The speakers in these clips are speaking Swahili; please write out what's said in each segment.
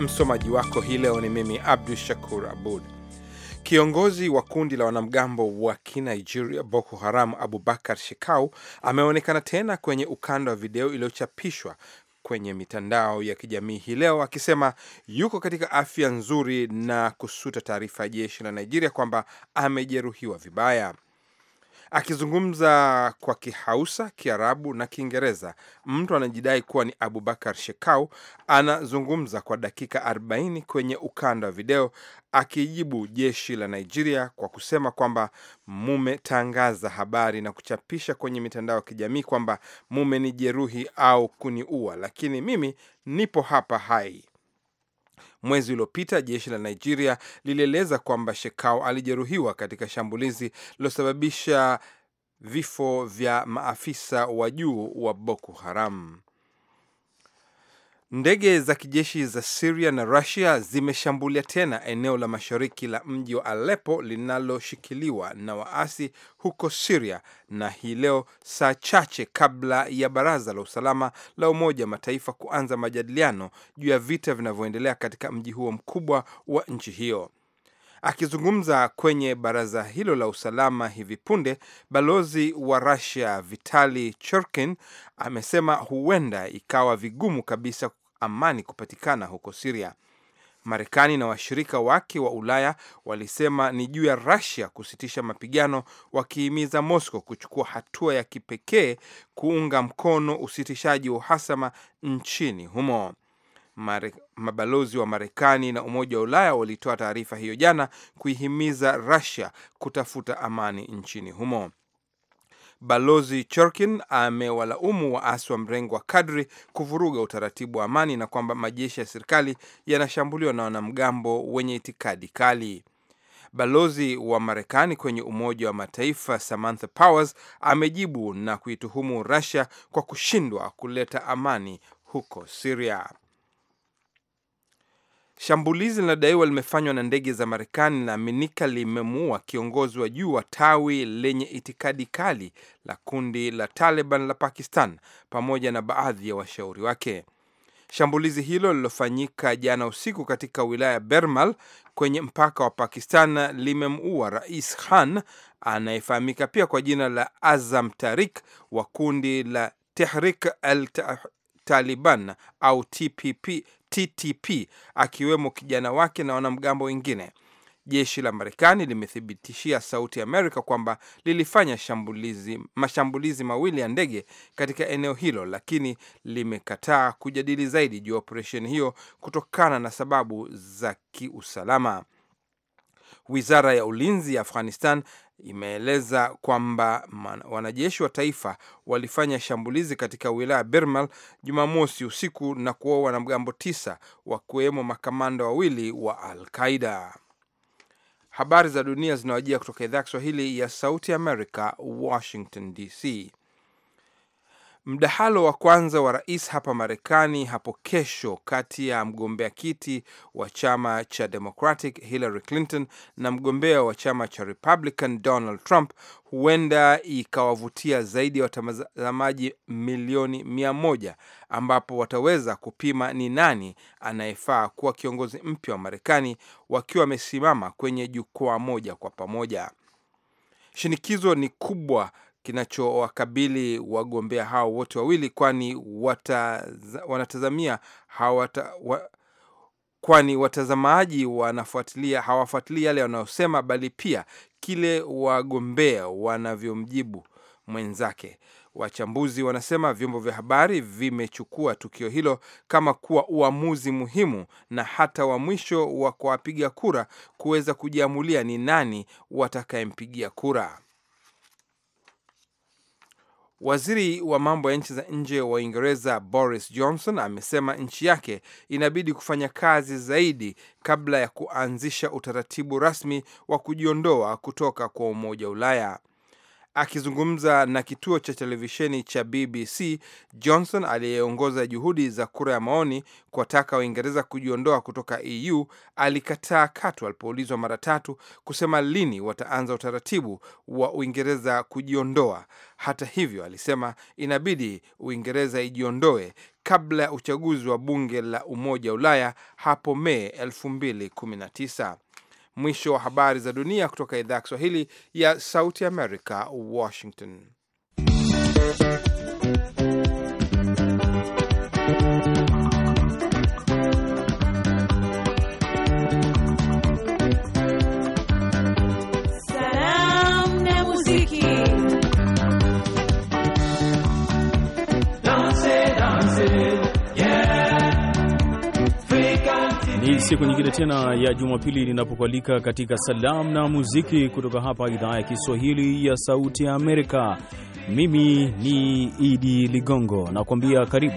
Msomaji wako hii leo ni mimi Abdu Shakur Abud. Kiongozi wa kundi la wanamgambo wa Kinigeria Boko Haram, Abubakar Shekau, ameonekana tena kwenye ukanda wa video iliyochapishwa kwenye mitandao ya kijamii hii leo akisema yuko katika afya nzuri na kusuta taarifa ya jeshi la Nigeria kwamba amejeruhiwa vibaya. Akizungumza kwa Kihausa, Kiarabu na Kiingereza, mtu anajidai kuwa ni Abubakar Shekau anazungumza kwa dakika 40 kwenye ukanda wa video akijibu jeshi la Nigeria kwa kusema kwamba mumetangaza habari na kuchapisha kwenye mitandao ya kijamii kwamba mumenijeruhi au kuniua, lakini mimi nipo hapa hai. Mwezi uliopita jeshi la Nigeria lilieleza kwamba Shekau alijeruhiwa katika shambulizi lililosababisha vifo vya maafisa wa juu wa Boko Haram. Ndege za kijeshi za Siria na Rusia zimeshambulia tena eneo la mashariki la mji wa Alepo linaloshikiliwa na waasi huko Siria, na hii leo saa chache kabla ya baraza la usalama la Umoja wa Mataifa kuanza majadiliano juu ya vita vinavyoendelea katika mji huo mkubwa wa nchi hiyo. Akizungumza kwenye baraza hilo la usalama hivi punde, balozi wa Rusia Vitali Churkin amesema huenda ikawa vigumu kabisa amani kupatikana huko Siria. Marekani na washirika wake wa Ulaya walisema ni juu ya rasia kusitisha mapigano, wakihimiza Moscow kuchukua hatua ya kipekee kuunga mkono usitishaji wa uhasama nchini humo. Mare, mabalozi wa Marekani na Umoja wa Ulaya walitoa taarifa hiyo jana kuihimiza rasia kutafuta amani nchini humo. Balozi Chorkin amewalaumu waasi wa mrengo wa kadri kuvuruga utaratibu wa amani na kwamba majeshi ya serikali yanashambuliwa na wanamgambo wenye itikadi kali. Balozi wa Marekani kwenye Umoja wa Mataifa Samantha Powers amejibu na kuituhumu Russia kwa kushindwa kuleta amani huko Syria. Shambulizi linadaiwa limefanywa na ndege za Marekani linaaminika limemuua kiongozi wa juu wa tawi lenye itikadi kali la kundi la Taliban la Pakistan pamoja na baadhi ya washauri wake. Shambulizi hilo lililofanyika jana usiku katika wilaya Bermal kwenye mpaka wa Pakistan limemuua Rais Khan anayefahamika pia kwa jina la Azam Tarik wa kundi la Tehrik al Taliban au TPP, TTP akiwemo kijana wake na wanamgambo wengine. Jeshi la Marekani limethibitishia Sauti Amerika kwamba lilifanya shambulizi, mashambulizi mawili ya ndege katika eneo hilo, lakini limekataa kujadili zaidi juu ya operesheni hiyo kutokana na sababu za kiusalama. Wizara ya ulinzi ya Afghanistan imeeleza kwamba wanajeshi wa taifa walifanya shambulizi katika wilaya Birmal Jumamosi usiku na kuua wanamgambo tisa wakiwemo makamanda wawili wa Al-Qaida. Habari za dunia zinawajia kutoka idhaa ya Kiswahili ya Sauti Amerika, Washington DC. Mdahalo wa kwanza wa rais hapa Marekani hapo kesho kati ya mgombea kiti wa chama cha Democratic Hillary Clinton na mgombea wa chama cha Republican Donald Trump huenda ikawavutia zaidi ya watazamaji milioni mia moja ambapo wataweza kupima ni nani anayefaa kuwa kiongozi mpya wa Marekani wakiwa wamesimama kwenye jukwaa moja kwa pamoja. Shinikizo ni kubwa kinachowakabili wagombea hao wote wawili, kwani wanatazamia hawata, wa, kwani watazamaji wanafuatilia hawafuatilii yale wanayosema, bali pia kile wagombea wanavyomjibu mwenzake. Wachambuzi wanasema vyombo vya habari vimechukua tukio hilo kama kuwa uamuzi muhimu na hata wa mwisho wa kuwapiga kura kuweza kujiamulia ni nani watakayempigia kura. Waziri wa mambo ya nchi za nje wa Uingereza Boris Johnson amesema nchi yake inabidi kufanya kazi zaidi kabla ya kuanzisha utaratibu rasmi wa kujiondoa kutoka kwa Umoja wa Ulaya. Akizungumza na kituo cha televisheni cha BBC, Johnson aliyeongoza juhudi za kura ya maoni kuwataka Waingereza kujiondoa kutoka EU alikataa katu alipoulizwa mara tatu kusema lini wataanza utaratibu wa Uingereza kujiondoa. Hata hivyo, alisema inabidi Uingereza ijiondoe kabla ya uchaguzi wa bunge la Umoja wa Ulaya hapo Mei 2019. Mwisho wa habari za dunia kutoka idhaa ya Kiswahili ya Sauti Amerika, Washington. siku nyingine tena ya Jumapili linapokualika katika salamu na muziki kutoka hapa idhaa ya Kiswahili ya Sauti ya Amerika. Mimi ni Idi Ligongo nakuambia karibu.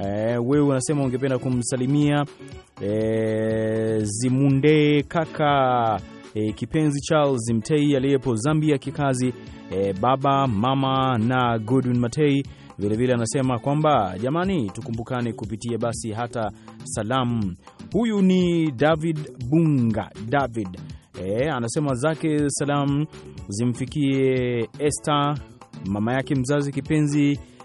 eh, wewe unasema ungependa kumsalimia eh, Zimunde kaka eh, kipenzi Charles Mtei aliyepo Zambia kikazi eh, baba mama na Godwin Matei vilevile anasema kwamba jamani, tukumbukane kupitia basi hata salamu. Huyu ni David Bunga David e, anasema zake salamu zimfikie Esther mama yake mzazi kipenzi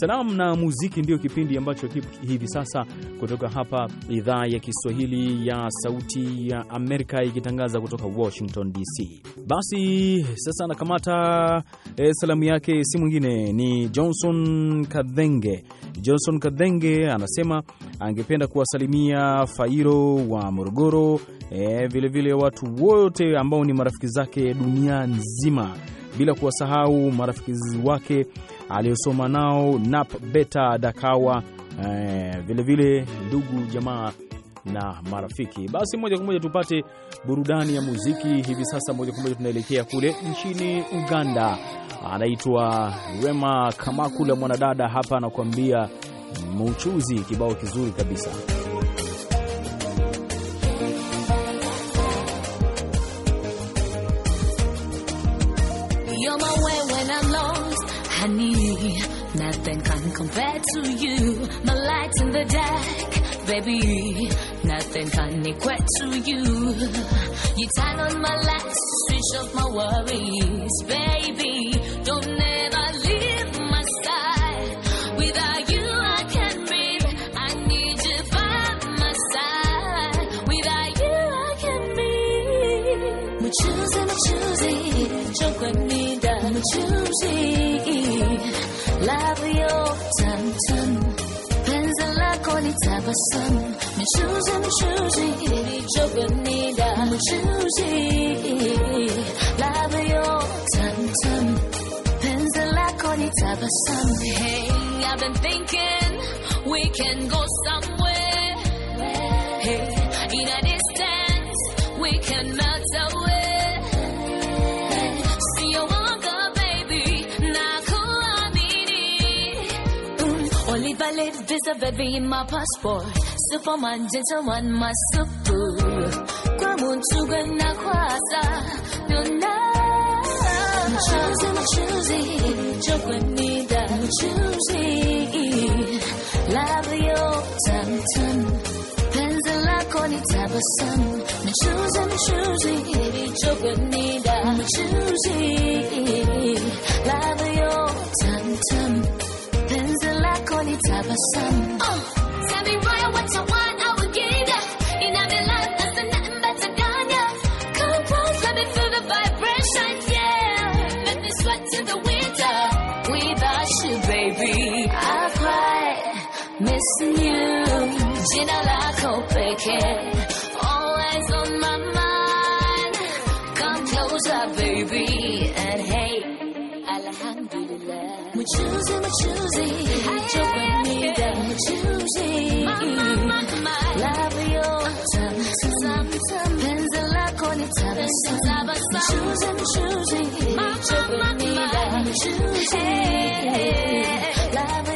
Salamu na muziki ndiyo kipindi ambacho hivi sasa kutoka hapa idhaa ya Kiswahili ya Sauti ya Amerika ikitangaza kutoka Washington DC. Basi sasa nakamata e, salamu yake si mwingine ni Johnson Kadhenge. Johnson Kadhenge anasema angependa kuwasalimia Fairo wa Morogoro, vilevile eh, e, vile watu wote ambao ni marafiki zake dunia nzima bila kuwasahau marafiki wake aliyosoma nao Nap Beta Dakawa, vilevile eh, vile ndugu jamaa na marafiki. Basi moja kwa moja tupate burudani ya muziki hivi sasa. Moja kwa moja tunaelekea kule nchini Uganda, anaitwa Rema Kamakula, mwanadada hapa anakuambia mchuzi, kibao kizuri kabisa. nothing can compare to you. My light in the dark, baby, nothing can equate to you. You turn on my lights, switch off my worries, baby. Don't ever leave my side. Without you, I can't breathe. I need you by my side. Without you, I can't breathe. Machuzi, machuzi, chocolate, Choosing. Love labiyotantan penzi lako ni tabasamu mchuzi mchuzi ilichoganida mchuzi labiyotantan penzi lako ni tabasamu hey I've been thinking we can go somewhere hey in a distance we can latest piece a baby in my passport. Superman, gentleman, masupu. Kwa I'm choosing, nuna. Mchuzi, mchuzi, I'm choosing, love yo, tam tam. Penzi lako ni tabasamu. Mchuzi, mchuzi, I'm choosing, love yo, tam tam call it Oh, tell me why? what you want. choosing, we're choosing. Joke with me that we my choosing. Love your time, time time. con it Choosing, we're choosing. Joke with me choosing. we're choosing. Love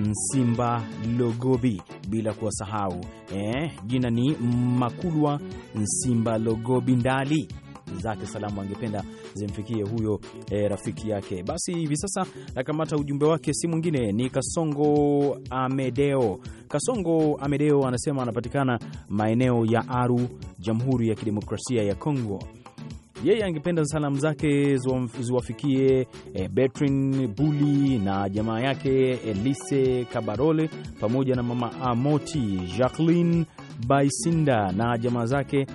Nsimba Logobi, bila kuwasahau eh, jina ni Makulwa Nsimba Logobi Ndali zake salamu angependa zimfikie huyo e, rafiki yake. Basi hivi sasa nakamata ujumbe wake, si mwingine ni Kasongo Amedeo. Kasongo Amedeo anasema anapatikana maeneo ya Aru, Jamhuri ya Kidemokrasia ya Kongo. Yeye angependa salamu zake ziwafikie e, eh, Betrin Buli na jamaa yake Elise Kabarole pamoja na mama Amoti Jacqueline Baisinda na jamaa zake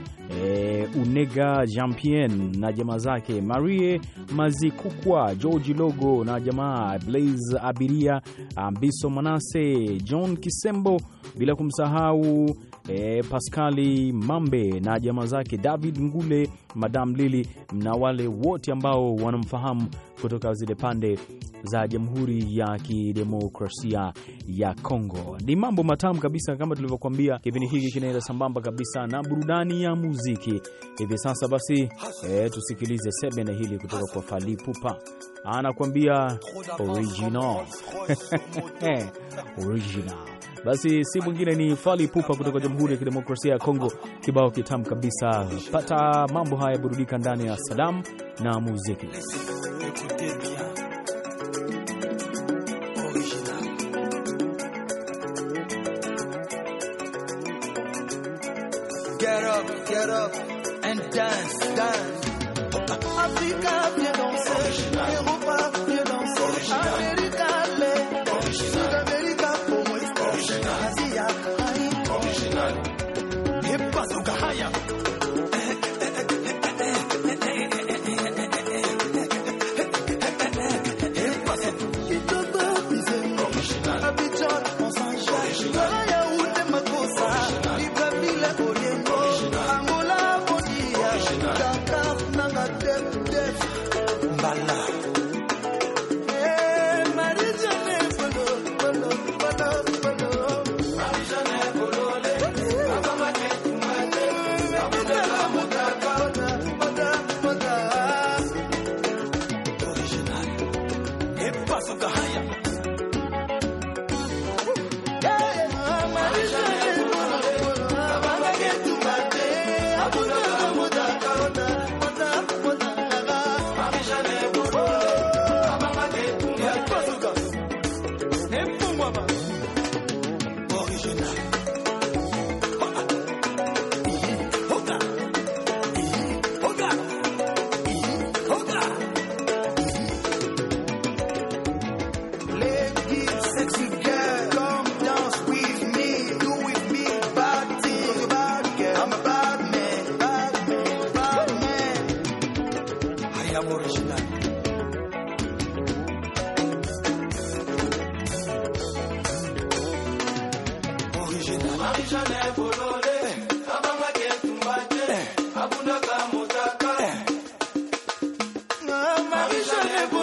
e, Unega Jampien na jamaa zake Marie Mazikukwa, George Logo na jamaa Blaise Abiria, Ambiso Manase, John Kisembo, bila kumsahau e, Paskali Mambe na jamaa zake David Ngule, Madam Lili na wale wote ambao wanamfahamu kutoka zile pande za Jamhuri ya Kidemokrasia ya Kongo. Ni mambo matamu kabisa, kama tulivyokuambia, kipindi hiki kinaenda sambamba kabisa na burudani ya muziki hivi sasa. Basi e, tusikilize sebene hili kutoka kwa Fali Pupa anakuambia original original. Basi si mwingine ni fali pupa kutoka Jamhuri ya Kidemokrasia ya Kongo, kibao kitamu kabisa. Pata mambo haya, burudika ndani ya salamu na muziki. Get up, get up and dance, dance. Africa, viens danser. Europa, viens danser. Jerusalem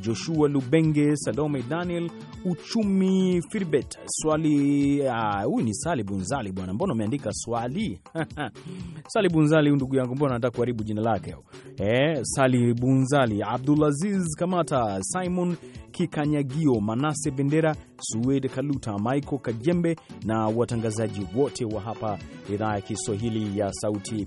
Joshua Lubenge, Salome Daniel Uchumi Firbet swali. Ah, huyu uh, ni Sali Bunzali. Bwana, mbona umeandika swali? Sali Bunzali, ndugu yangu, mbona nataka kuharibu jina lake? Eh, Sali Bunzali, Abdulaziz Kamata, Simon Kikanyagio, Manase Bendera, Suwed Kaluta, Michael Kajembe na watangazaji wote wa hapa idhaa ya Kiswahili ya Sauti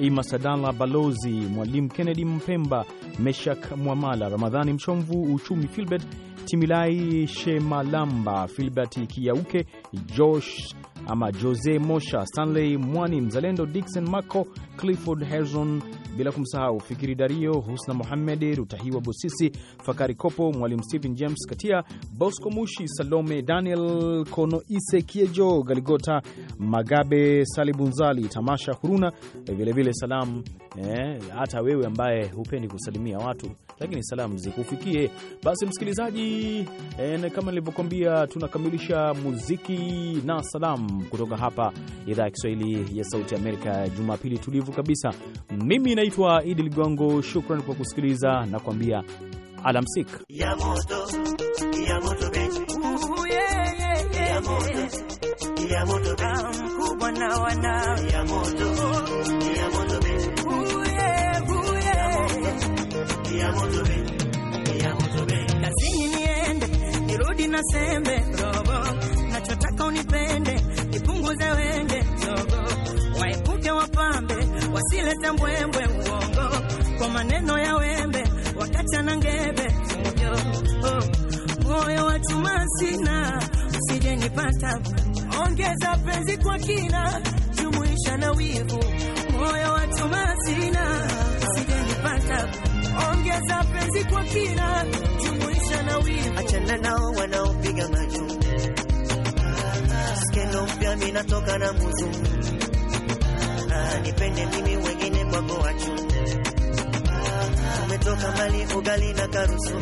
Imasadala Balozi, Mwalimu Kennedy Mpemba, Meshak Mwamala, Ramadhani Mchomvu, Uchumi Filbert Timilai Shemalamba, Filbert Kiauke, Josh ama Jose Mosha, Stanley Mwani, Mzalendo Dixon maco Clifford Herzon bila kumsahau Fikiri Dario, Husna Mohamed, Rutahiwa Bosisi, Fakari Kopo, Mwalimu Stephen James Katia, Bosco Mushi, Salome Daniel Konoise, Kiejo Galigota, Magabe Salibunzali, Tamasha Huruna, vilevile salamu eh, hata eh, wewe ambaye hupendi kusalimia watu lakini salamu zikufikie basi, msikilizaji eh, kama nilivyokwambia, tunakamilisha muziki na salamu kutoka hapa idhaa ya Kiswahili ya Sauti Amerika, Jumapili tulivu kabisa. Mimi naitwa Idi Ligongo, shukran kwa kusikiliza na kuambia alamsika Kazini niende, nirudi na sembe robo, nachotaka unipe kuleta mbwembwe uongo kwa maneno ya wembe wakati na ngebe fujo oh. Moyo wa chuma sina, usije nipata. Ongeza penzi kwa kina, jumuisha na wivu. Moyo wa chuma sina, usije nipata. Ongeza penzi kwa kina, jumuisha na wivu. Achana nao wanaopiga majumbe, skendo mpya minatoka na muzungu, ah, nipende mimi we mwako wa chumvi, umetoka mali ugali na karusu.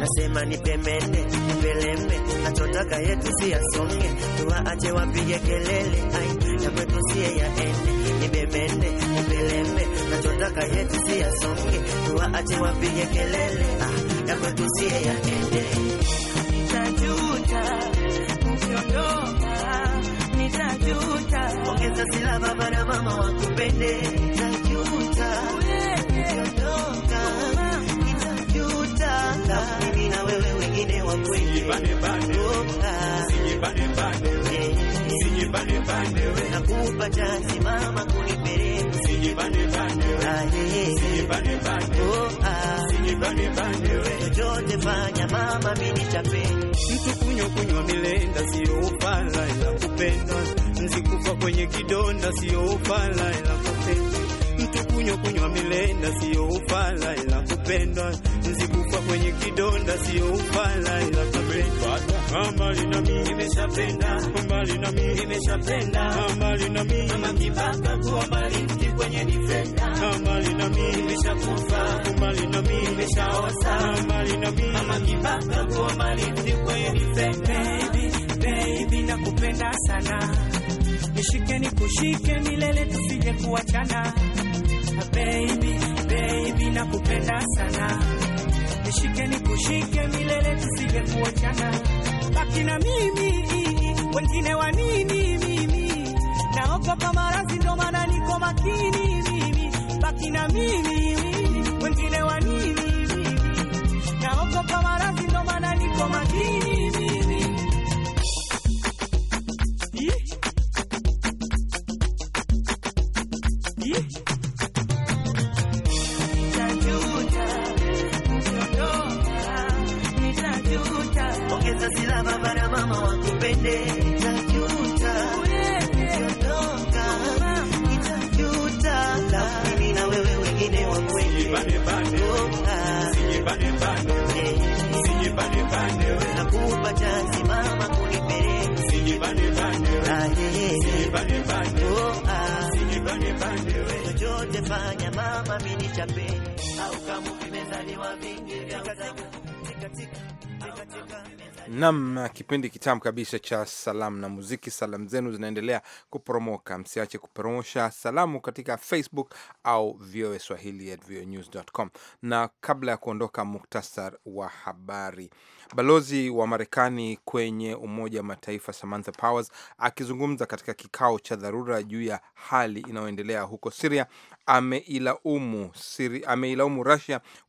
Nasema ni pemene peleme, atotaka yetu si asonge tuwa ache wapige kelele, ai ya kwetu siye ya ene. Ni pemene peleme, atotaka yetu si asonge tuwa ache wapige kelele, ah ya kwetu siye ya ene. Nitajuta ukiondoka utasimama, bana mama wakupende, utajuta, utaondoka, utajuta, mimi na wewe wengine wa kweli, nakupa chance mama kunipereka chochote fanya mama, mimi nitapenda mtu kunywa kunywa milenda, sio upala ila kupenda nzikufa kwenye kidonda, sio upala ila kupendwa. Mtu kunywa kunywa milenda, sio upala ila kupendwa. Nzikufa kwenye kidonda, sio upala ila kupendwa. Mbali na mimi nimeshapenda, mbali na mimi nimeshapenda, mbali na mimi kama kipaka kuwa mbali kwenye nifenda. mbali na mimi nimeshakufa, mbali na mimi nimeshaosa, mbali na mimi kama kipaka kuwa mbali kwenye nifenda. nishike nikushike milele tusije kuachana baby, baby nakupenda sana nishike nikushike milele tusije kuachana baki na mimi wengine wa nini mimi naogopa maradhi ndo maana niko makini mimi baki na mimi wengine wa nini mimi naogopa maradhi ndo maana niko makini nakupa mama, fanya mama, au kama vimezaliwa vingi Nam, kipindi kitamu kabisa cha salamu na muziki. Salamu zenu zinaendelea kupromoka, msiache kupromosha salamu katika Facebook au VOA Swahili at voanews.com. Na kabla ya kuondoka, muktasar wa habari. Balozi wa Marekani kwenye Umoja wa Mataifa Samantha Powers akizungumza katika kikao cha dharura juu ya hali inayoendelea huko Siria ameilaumu Siri, ameilaumu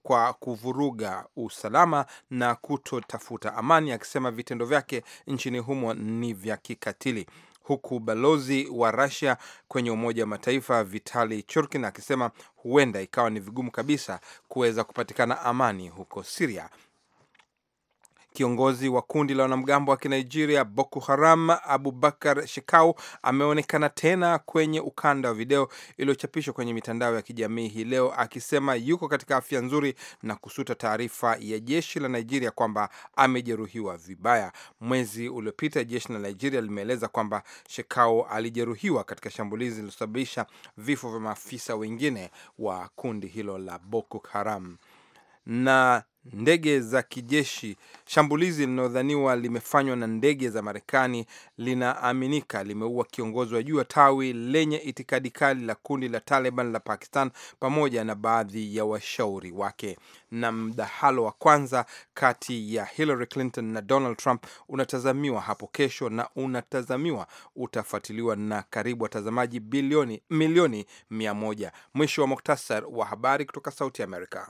kwa kuvuruga usalama na kutotafuta amani, akisema vitendo vyake nchini humo ni vya kikatili huku balozi wa rasia kwenye Umoja wa Mataifa Vitali Churkin akisema huenda ikawa ni vigumu kabisa kuweza kupatikana amani huko Siria Kiongozi wa kundi la wanamgambo wa Kinigeria Boko Haram, Abubakar Shekau, ameonekana tena kwenye ukanda wa video iliyochapishwa kwenye mitandao ya kijamii hii leo akisema yuko katika afya nzuri na kusuta taarifa ya jeshi la Nigeria kwamba amejeruhiwa vibaya. Mwezi uliopita jeshi la Nigeria limeeleza kwamba Shekau alijeruhiwa katika shambulizi lililosababisha vifo vya maafisa wengine wa kundi hilo la Boko Haram na ndege za kijeshi. Shambulizi linalodhaniwa limefanywa na ndege za Marekani linaaminika limeua kiongozi wa juu wa tawi lenye itikadi kali la kundi la Taliban la Pakistan pamoja na baadhi ya washauri wake. Na mdahalo wa kwanza kati ya Hillary Clinton na Donald Trump unatazamiwa hapo kesho na unatazamiwa utafuatiliwa na karibu watazamaji bilioni milioni mia moja. Mwisho wa muktasar wa habari kutoka Sauti Amerika.